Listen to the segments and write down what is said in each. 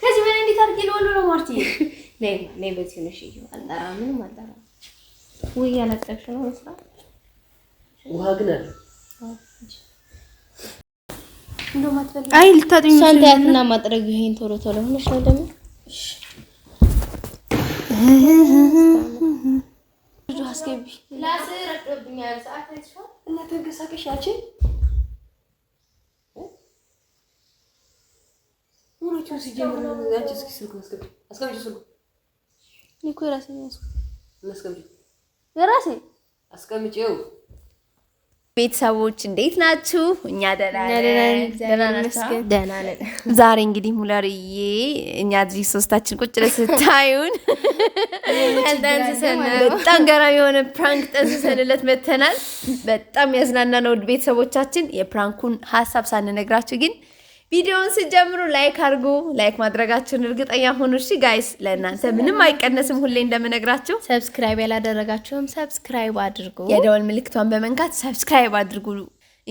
ከዚህ በላይ እንዴት አድርጌ ልወሉ ነው? ማርቲ ነይ በዚህ ነሽ። እዩ አልጠራ ምንም አልጠራ። ውይ ነው መስራ ውሃ ግን አለ። አይ ልታጥኝ ሳንቲያትና ማጥረግ ይሄን ቶሎ ቶሎ ሆነሽ ነው ደግሞ እሺ ላስ ሰዓት ሁላችሁም ሲጀምር አንቺ እስኪ ስልኩ እኔ እኮ የራሴ የራሴ አስቀምጪው። ቤተሰቦች እንዴት ናችሁ? እኛ ደህና ነን። ዛሬ እንግዲህ ሙለርዬ እኛ እዚህ ሶስታችን ቁጭ ስታዩን በጣም ገራሚ የሆነ ፕራንክ ጠንስሰንለት መተናል። በጣም ያዝናና ነው ቤተሰቦቻችን። የፕራንኩን ሀሳብ ሳንነግራችሁ ግን ቪዲዮውን ስጀምሩ ላይክ አድርጉ። ላይክ ማድረጋችሁን እርግጠኛ ሆኑ። እሺ ጋይስ፣ ለእናንተ ምንም አይቀነስም። ሁሌ እንደምነግራችሁ ሰብስክራይብ ያላደረጋችሁም ሰብስክራይብ አድርጉ። የደወል ምልክቷን በመንካት ሰብስክራይብ አድርጉ።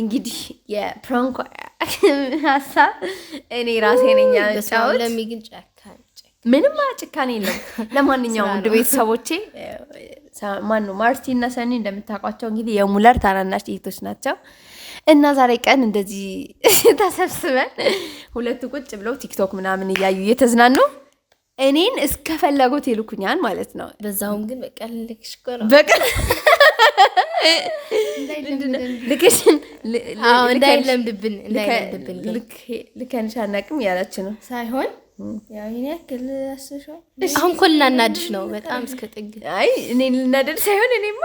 እንግዲህ የፕሮንኮ ሀሳብ እኔ ራሴ ነኝ ያጫወት ምንም ጭካኔ የለም። ለማንኛውም ውድ ቤተሰቦቼ ማን ማርቲ እና ሰኒ እንደምታውቋቸው እንግዲህ የሙለር ታናናሽ ጥይቶች ናቸው እና ዛሬ ቀን እንደዚህ ተሰብስበን ሁለቱ ቁጭ ብለው ቲክቶክ ምናምን እያዩ እየተዝናኑ እኔን እስከፈለጉት ይልኩኛል ማለት ነው። በዛውም ግን ልከንሽ ያላች ነው ሳይሆን አሁን እኮ ልናናድሽ ነው በጣም እስከ ጥግ። አይ እኔ ልናደድ ሳይሆን እኔማ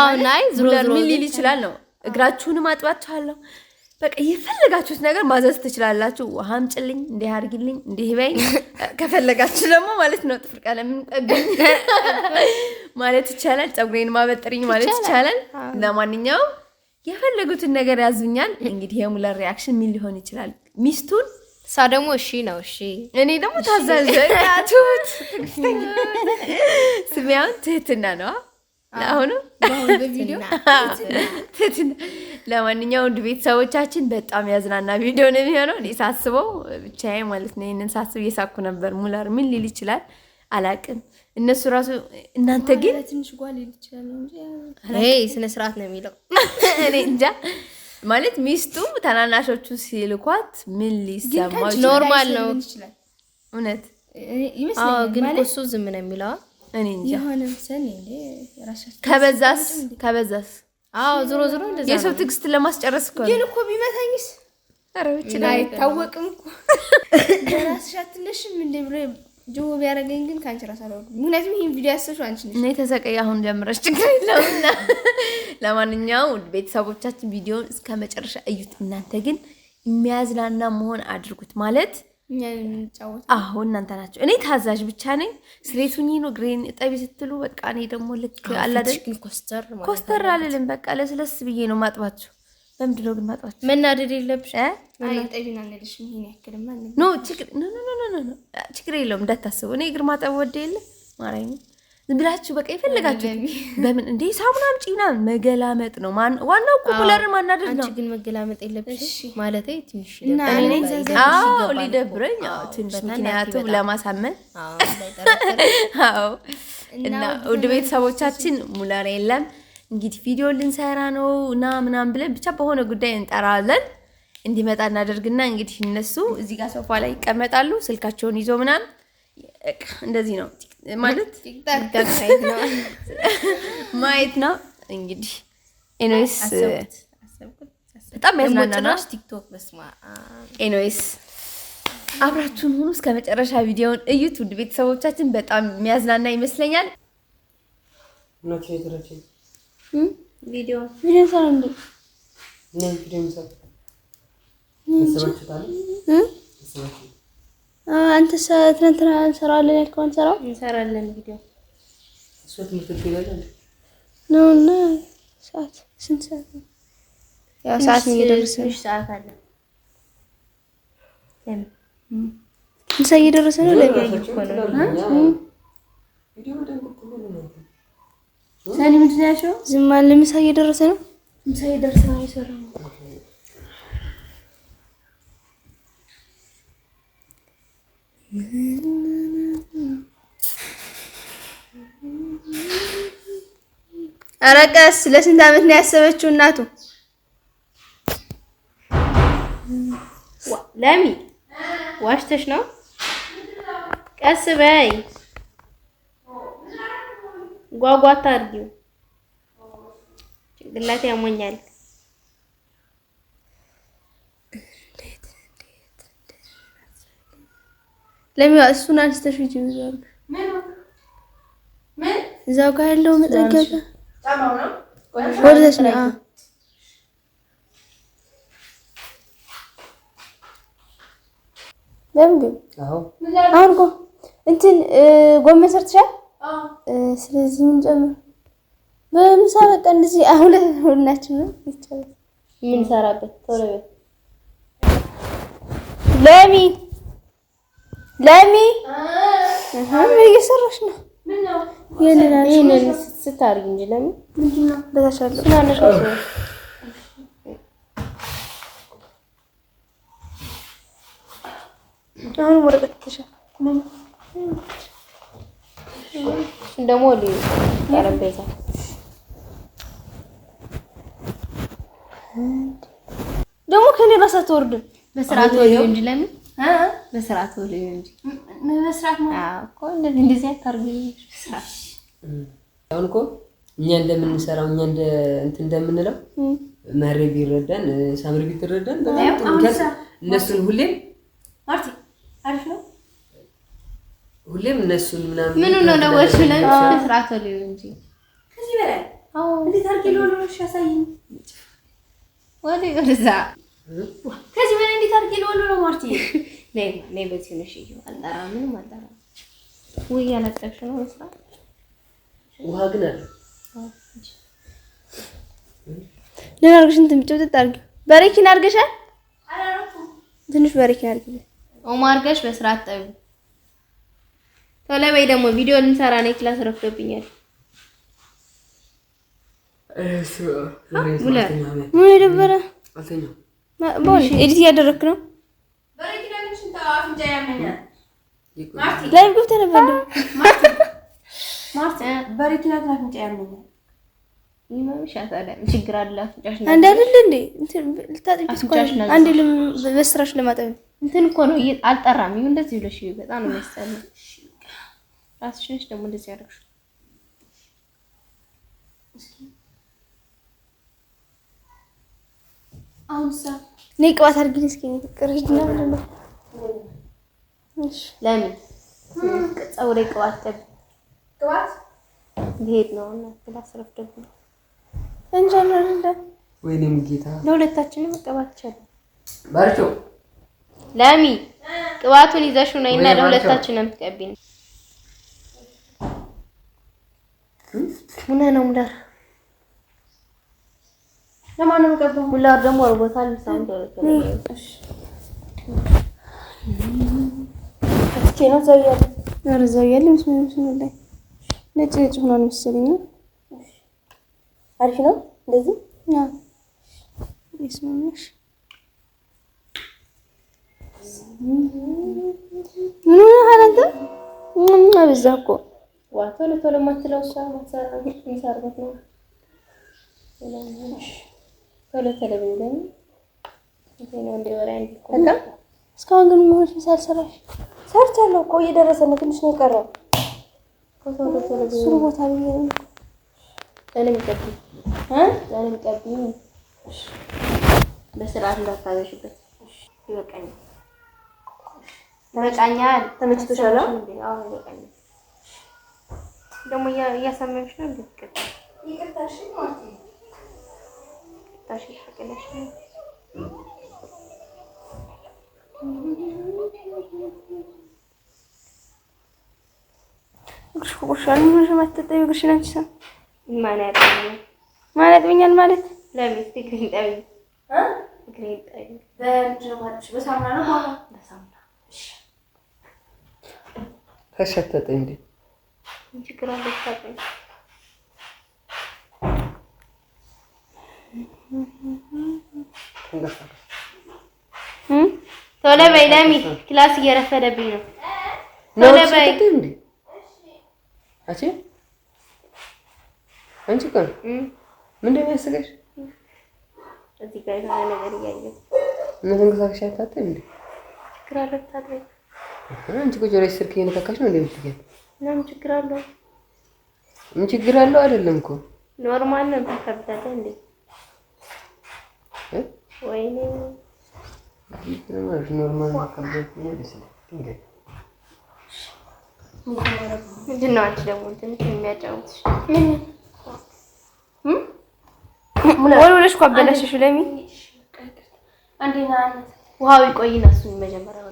አሁን አይ ዝሮ ዝሮ ምን ሊል ይችላል ነው እግራችሁንም አጥባችኋለሁ። በቃ የፈለጋችሁት ነገር ማዘዝ ትችላላችሁ። ውሃ አምጪልኝ፣ እንዲህ አድርጊልኝ፣ እንዲህ በይኝ። ከፈለጋችሁ ደግሞ ማለት ነው ጥፍር ቀለም ቀብኝ ማለት ይቻላል። ፀጉሬን ማበጥርኝ ማለት ይቻላል። ለማንኛውም የፈለጉትን ነገር ያዙኛል። እንግዲህ የሙላር ሪያክሽን ምን ሊሆን ይችላል? ሚስቱን ሳ ደግሞ እሺ ነው። እሺ እኔ ደግሞ ታዛዘቱት ስሚያውን ትህትና ነዋ። አሁኑ ለማንኛውም ውድ ቤተሰቦቻችን በጣም ያዝናና ቪዲዮ ነው የሚሆነው። እኔ ሳስበው ብቻዬ ማለት ነው። ይህንን ሳስብ እየሳኩ ነበር። ሙላር ምን ሊል ይችላል አላቅም። እነሱ ራሱ እናንተ ግን ትንሽ ጓል ነው የሚለው እኔ እንጃ ማለት ሚስቱ ተናናሾቹ ሲልኳት ምን ሊሰማው ኖርማል ነው? እውነት ግን እሱ ዝም ነው የሚለዋ። ከበዛስ ከበዛስ? ዝሮ ዝሮ የሰው ትዕግስት ለማስጨረስ እኮ ግን እኮ ቢመታኝስ? ኧረ አይታወቅም እኮ ራስሽ አትነሽም እንደ ብሎ ጆ ቢያደርገኝ ግን ከአንቺ ራስ አለ። ምክንያቱም ይህን ቪዲዮ ያሰሹ አንቺ ነሽ። እኔ ተሰቀይ አሁን ጀምረሽ ችግር የለውና፣ ለማንኛውም ቤተሰቦቻችን ቪዲዮን እስከ መጨረሻ እዩት። እናንተ ግን የሚያዝናና መሆን አድርጉት ማለት አዎ እናንተ ናቸው። እኔ ታዛዥ ብቻ ነኝ። ስሬቱኝ ነው ግሬን ጠቢ ስትሉ በቃ እኔ ደግሞ ልክ አላደ ኮስተር አልልም። በቃ ለስለስ ብዬ ነው ማጥባቸው። ለምንድን ነው ግን ማጥዋት? መናደድ የለብሽ። ችግር የለውም እንዳታስቡ። እኔ እግር ማጠብ ወደ የለ ማርያምን ዝም ብላችሁ በቃ የፈለጋችሁ በምን እንደ ሳሙና አምጪ መገላመጥ ነው። ዋናው እኮ ኩለርን ማናደድ ነው። ግን መገላመጥ የለብሽ ማለት ትንሽ ሊደብረኝ ትንሽ ምክንያቱም ለማሳመን እና ውድ ቤተሰቦቻችን ሙላር የለም እንግዲህ ቪዲዮ ልንሰራ ነው እና ምናምን ብለን ብቻ በሆነ ጉዳይ እንጠራለን እንዲመጣ እናደርግና እንግዲህ እነሱ እዚህ ጋር ሶፋ ላይ ይቀመጣሉ፣ ስልካቸውን ይዞ ምናምን እንደዚህ ነው ማለት ማየት ነው እንግዲህ ኤኖይስ በጣም ያዝናና ኤኖይስ አብራችሁን ሁኑ እስከ መጨረሻ ቪዲዮውን እዩት። ውድ ቤተሰቦቻችን በጣም የሚያዝናና ይመስለኛል። ቪዲዮ ቪዲዮ ሰራ እንዴ? ምን ቪዲዮ ሰራ? አንተ ትናንትና እንሰራዋለን ያልከው እንሰራው እንሰራለን ቪዲዮ ነው እና ሰዓት ስንት ሰዓት ነው? ያው ሰዓት እየደረሰ ነው? ሰዓት አለ ምሳ እየደረሰ ነው። ለሚያየው እኮ ነው ሰኒ ምንድን ነው ያልሽው? ዝም አለ። ምሳ እየደረሰ ነው። ምሳ እየደረሰ ነው። እየሰራሁ ነው። ኧረ ቀስ። ለስንት አመት ነው ያሰበችው እናቱ? ለሚ ዋሽተሽ ነው? ቀስ በይ ጓጓታ አድርጊው። ጭንቅላት ያሞኛል። ለምን እሱን አንስተሽ ሂጂ። ይዟል እዛው ጋር ያለው መጠገብ ወርደሽ ነው። ለምን አሁን እንትን ጎመን ሰርተሻል? ስለዚህ እንጨምር። በምሳ በቃ እንደዚህ አሁን ሁላችን ነው ይቻላል። ምን ሰራበት ቶሎ በል ለሚ ለሚ ምን እየሰራሽ ነው? ይህንን ስታርግ እንጂ ለሚ አሁን ወረቀት ደግሞ ጠረጴዛ ደግሞ ከኔ ራስ አትወርድም። በስርዓት ወይ እንጂ ለምን አ በስርዓት ወይ እንጂ በስርዓት እንደዚህ አታርጊ። አሁን እኮ እኛ እንደምንሰራው እኛ እንደ እንትን እንደምንለው መሬ ቢረዳን፣ ሳምሪ ቢትረዳን በጣም እነሱን ሁሌም አሪፍ ነው። ሁሌም እነሱን ምናምን ምን ነው ነው ወርሽ ላይ ስርዓት ነው እንጂ ከዚህ በላይ አዎ፣ እንዴት አድርጌ ልሆን ነው? እሺ ወዲ ወደዛ ከዚህ በላይ እንዴት አድርጌ ልሆን ነው? ማርቲ ነይ ነይ፣ በዚህ ነው። እሺ አልጠራ ምንም አልጠራ። ወይ ያለጠሽ ነው ስራ ውሃ ግን አለ ለምን አድርገሽ እንትን ብቻ አድርጊ። በሬኪን አድርገሻል። ትንሽ በሬኪን አድርጊ። ኦማ አድርገሽ በስርዓት ጠቢ ቶሎ በይ ደግሞ ቪዲዮ ልንሰራ ነው። ክላስ ረፍዶብኛል። ምን የደበረ ኤዲት እያደረክ ነው? ላይ ገብተህ ነበር። ችግር በስራሽ ለማጠብ እንትን እኮ ነው። አልጠራም እንደዚህ ብለሽ በጣም ነው የሚያስጠላው ራስሽ ነሽ ደግሞ እንደዚህ ያደረግሽው። እኔ ቅባት አድርጊኝ እስኪ ፍቅር ሂጂና ምንድነው? ለምን ፀጉሬ ቅባት ቀብ ቅባት ነው እና ላስረፍ ደግሞ እንጃ እንደ ወይኔም ጌታ ለሁለታችንም ቅባት ይቻላል። ባርቾ ለሚ ቅባቱን ይዘሽው ነይና ለሁለታችንም ቀቢን ምን ነው ሙላር ለማንም ገባሁ። ሙላር ደግሞ አርቦታል። ሳውንድ ነው ዘያለ ኧረ ዘያለ ምስምን ምስምን ላይ ነጭ ነጭ ሆኗል መሰለኝ። አሪፍ ነው እንደዚህ ያ ይስማማሽ። ምን ሆነህ ምን አበዛህ እኮ ዋ ቶሎ ቶሎ የማትለው እሷ የሚሰርበት ነው። ቶሎ ቶሎ እስካሁን ግን ምን ሳልሰራሽ ሰርቻለሁ እኮ እየደረሰ ነው። ትንሽ ነው የቀረው። ሱሩ ቦታ ለእኔም ቀቢ ለእኔም ቀቢ በስርዓት እንዳታገሽበት። ይበቃኛል። ይበቃኛል። ተመችቶሻል? አዎ ይበቃኛል። ደግሞ እያሳመምሽ ነው። ማነጥብኛል ማለት ለምን እግሬን ጠቢኝ እግሬን ጠቢኝ በሳሙና ነው ተሸተጠኝ እንደ ችግር አለብኝ። ቶሎ በይ ለሚ፣ ክላስ እየረፈደብኝ ነው። ቶሎ በይ አንቺ እኮ ምንድን ነው የሚያስገሽ? እዚህ ጋር የሆነ ነገር እያየሁ እና ተንቀሳቀሽ አታጥም እንዴ? ችግር አለብኝ። አንቺ እኮ ጆሮሽ ስልክ እየነካካሽ ነው እንደምትገኝ እና ምን ችግር አለው? ምን ችግር አለው? አይደለም እኮ ኖርማል ነው። ተከብዳለ እንዴ? ወይኔ ውሃው ይቆይና እሱን መጀመሪያ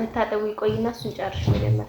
መታጠቡ ይቆይና እሱን ጨርሽ መጀመሪያ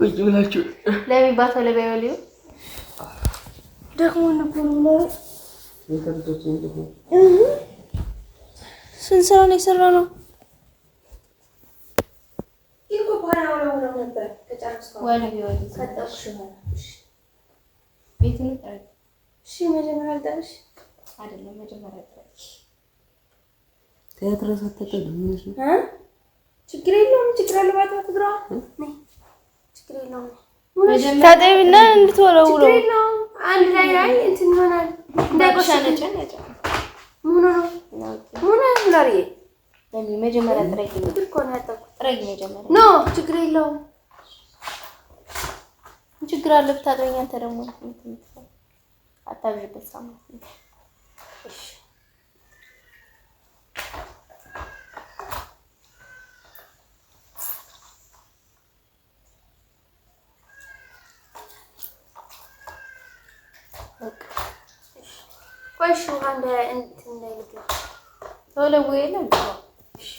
ቁጭ ብላችሁ ለሚባታ ለባይወል ደግሞ ስንት ስራ ነው የሰራ ነው መጀመሪያ ታጠቢና እንድትወለውለው አንድ ላይ ላይ እንትን ይሆናል። ችግር የለውም። ችግር አለ ብታጠቢኝ አንተ ደግሞ አታብዥበት። እሺ ውሃ እንትን እንዳይልብኝ ተወለውዬ ነው እሺ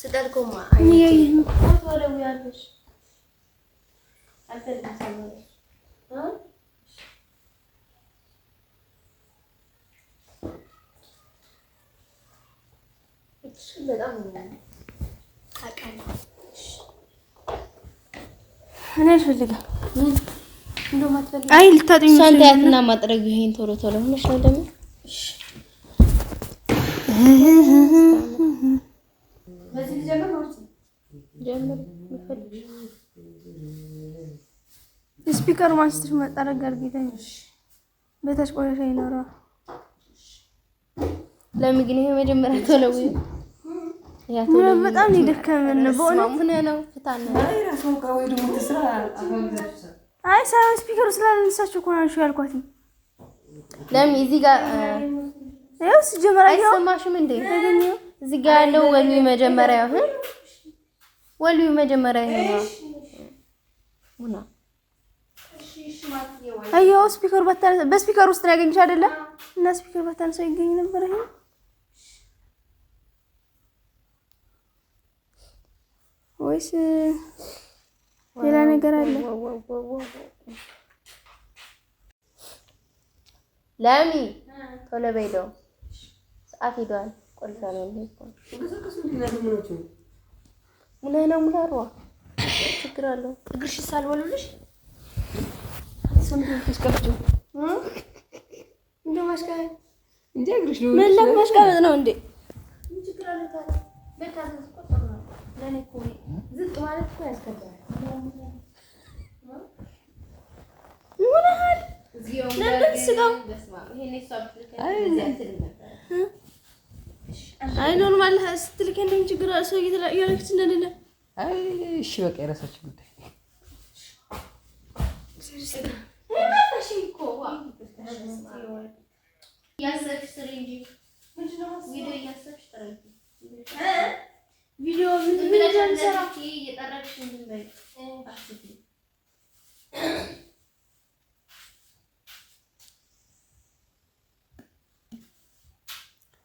ስጠልኩማ ተወለውያለሽ እኔ አልፈልግም። አይ ልታጠኝ ሰንታያትና ማጥረግ ይሄን ቶሎ ቶሎ ሆነሽ ነው ደግሞ ስፒከር ማንስትሽ መጠረግ እርግጠኝ ቤተሽ ቆሻሻ ይኖረዋል። ለምን ግን ይሄ መጀመሪያ ተለው በጣም ይደከመን ነው። አይ ስፒከሩ ስላልነሳችሁ እኮ ነው ያልኳት። ለምን እዚህ ጋር ያው ሲጀመራ ሲጀመር አይሰማሽም እንዴ? እዚህ ጋር ያለው ወልዊ መጀመሪያ ይሁን ወልዊ መጀመሪያ ይሁን ሙና አየው ስፒከር በታን በስፒከር ውስጥ ነው ያገኝሽ አይደለ? እና ስፒከር በታን ሰው ይገኝ ነበር ይሄ ወይስ ሌላ ነገር አለ? ለሚ ቶሎ በይ ደው ሰዓት ሄዷል። ቆልፋ ነው ምን አይነት ሙላሯ ችግር አለው። እግርሽስ አልበሉልሽ ምን ለማሽቃበጥ ነው እንዴ? ዝቅ ማለት ለምን አይ ኖርማል ስትልክ እንደም ችግር ሰው እያለች እንደሌለ እሺ በቃ የራሳችሁ ጉዳይ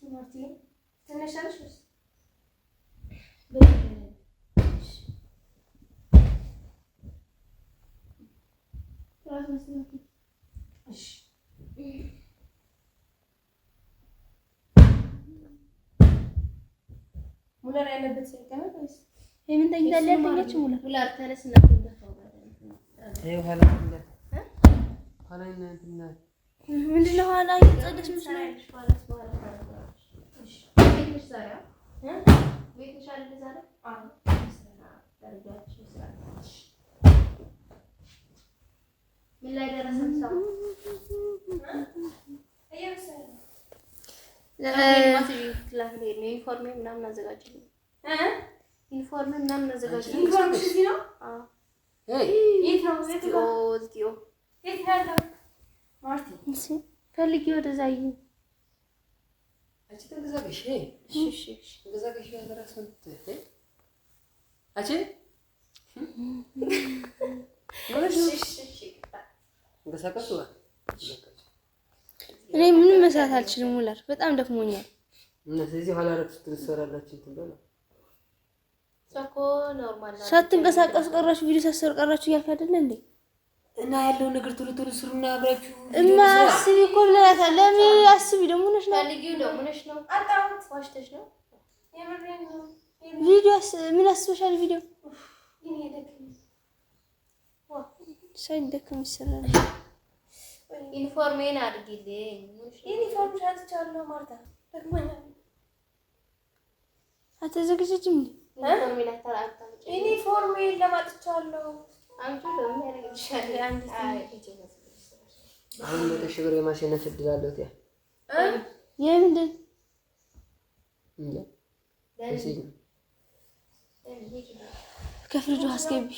Cumartesi. Sen ne çalışıyorsun? Benim Biraz nasıl bakayım? Aş. Bunlar en öbür değil mi? Evinde giderlerden geçin bunlar. Bunlar tanesini akılda kaldı. Ev halinde. Ha? Halinde. Halinde. Müdürle hala gitse geçmişler. ዩኒፎርሜ ምናምን አዘጋጅልኝ። ዩኒፎርሜ ምናምን አዘጋጅልኝ። ዩኒፎርም እዚህ ነው። አንቺ ተንቀሳቀሽ። እሺ እሺ እሺ አንቺ እኔ ምንም መስራት አልችልም። ሙላር በጣም ደክሞኛል። ስለዚህ ኋላ ቀራችሁ፣ ቪዲዮ ሳትሰሩ ቀራችሁ እያልክ አይደለ እንዴ? እና ያለው ነገር ቶሎ ቶሎ ስሩና አብራችሁ እማ አስቢ እኮ ብለናታል። ለሚ አስቢ ደግሞ ነሽ ነው ቪዲዮ ምን አስበሻል? ቪዲዮ ሳይደክም ይሰራል። ዩኒፎርሜን አድርጊልኝ። ዩኒፎርም ሻትቻለሁ ማርታ አልተዘገጀችም። ዩኒፎርሜን ለማጥቻለሁ አሁን መቶ ሺህ ብር የማሸነፍ እድል አለው ያ አስገቢ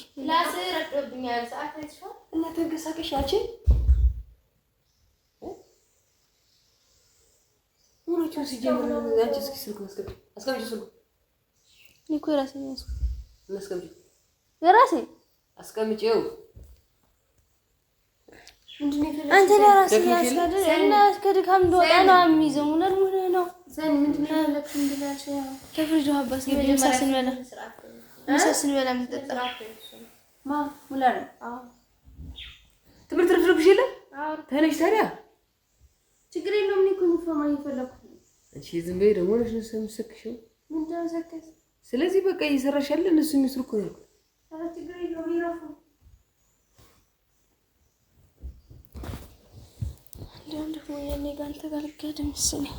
እና ተንቀሳቀሽ አንቺ ሁሉቹን ሲጀምር አንቺ እስኪ ስልኩን አስገቢ አስገቢ ስልኩን እኔ እኮ የራሴ የራሴ አስቀምጪው። አንተ ለራስህ ያስከድር እና ከድካም እንደወጣ ነው የሚይዘው። ሙለል ሙለ ነው ከፍሪጅ ውሃ አባስ ምሳ ስንበላ ምሳ ስንበላ የምጠጣ ትምህርት ርፍርፍሽ የለም። ተነሽ ታዲያ ችግር የለውም። እኔ እኮ ዩኒፎርም እየፈለኩት ነው። እሺ ዝም በይ ደግሞ ነሽ ነው የምትሰክሽው። ስለዚህ በቃ እየሰራሽ ያለ እነሱ የሚስሩ እኮ ነው እንዲሁም ደግሞ የኔ ጋር አንተ ጋር ነው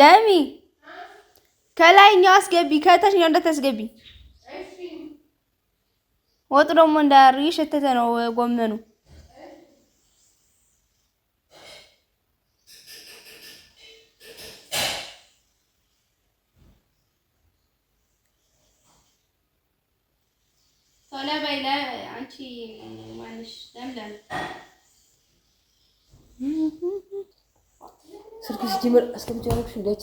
ለሚ ከላይኛው አስገቢ፣ ከታችኛው እንዳታስገቢ። ወጡ ደግሞ እንዳያር እየሸተተ ነው ጎመኑ። አንቺ ማንሽ ለምለም ስልክ ስትጀምር አስቀምጪ ያልኩሽ እንዳይች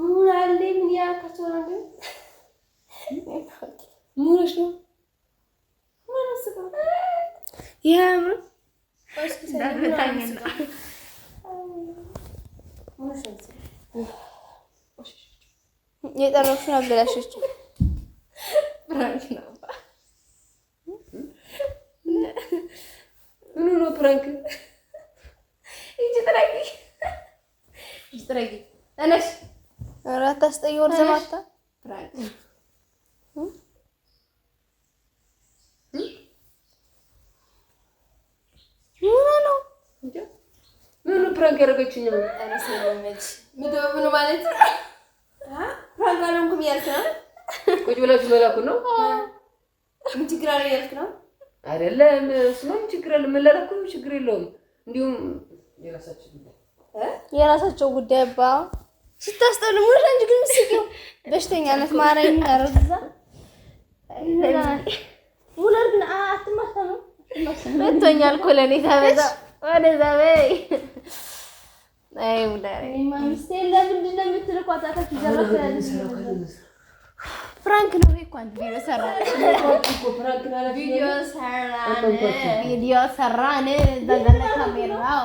ምን አለ ምን ያልካቸው ነው የጠረፍሽን አበላሸችው። ኑሮ ፕራንክ እጅ ጥረጊ እጅ ጥረጊ እነሽ ዘጠኝ ወር ዘባታ ፕራንክ ያደረገችኝ ነው ምድብ ማለት ፕራንክ አልሆንኩም እያልክ ነው። ቁጭ ብላችሁ መላኩ ነው። ምን ችግር አለ እያልክ ነው አይደለም? እሱማ ምን ችግር አለ መላላኩ ችግር የለውም። እንዲሁም የራሳቸው ጉዳይ ባ ስታስጠሉ ሙሽ አንቺ ግን ምስኪን በሽተኛ ናት። ማረኝ አረዛ ሙለር ግን አትማሰኑ መቶኛል እኮ ለኔ ታበዛ ወደዛ በይ አይ ሙዳሬ ለምንድን ነው የምትልኳት? አታች ጀራሽ ፍራንክ ነው እኮ አንተ ቪዲዮ ሰራን ቪዲዮ ሰራን ቪዲዮ ሰራን ዘዘለ ካሜራው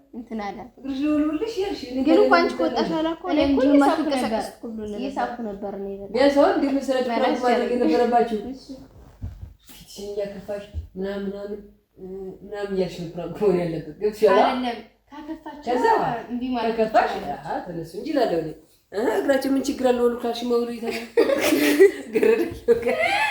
እንትን አላት ግን እኮ አንቺ ከወጣሽ አላ እኮ እየሳኩ ነበር ነበረባችሁ እያከፋሽ ምናምን ምናምን ምናምን እያልሽ ነበር መሆን ያለበት ከከፋሽ ተነሱ እንጂ እግራችን ምን ችግር አለው ካልሽ መውሉ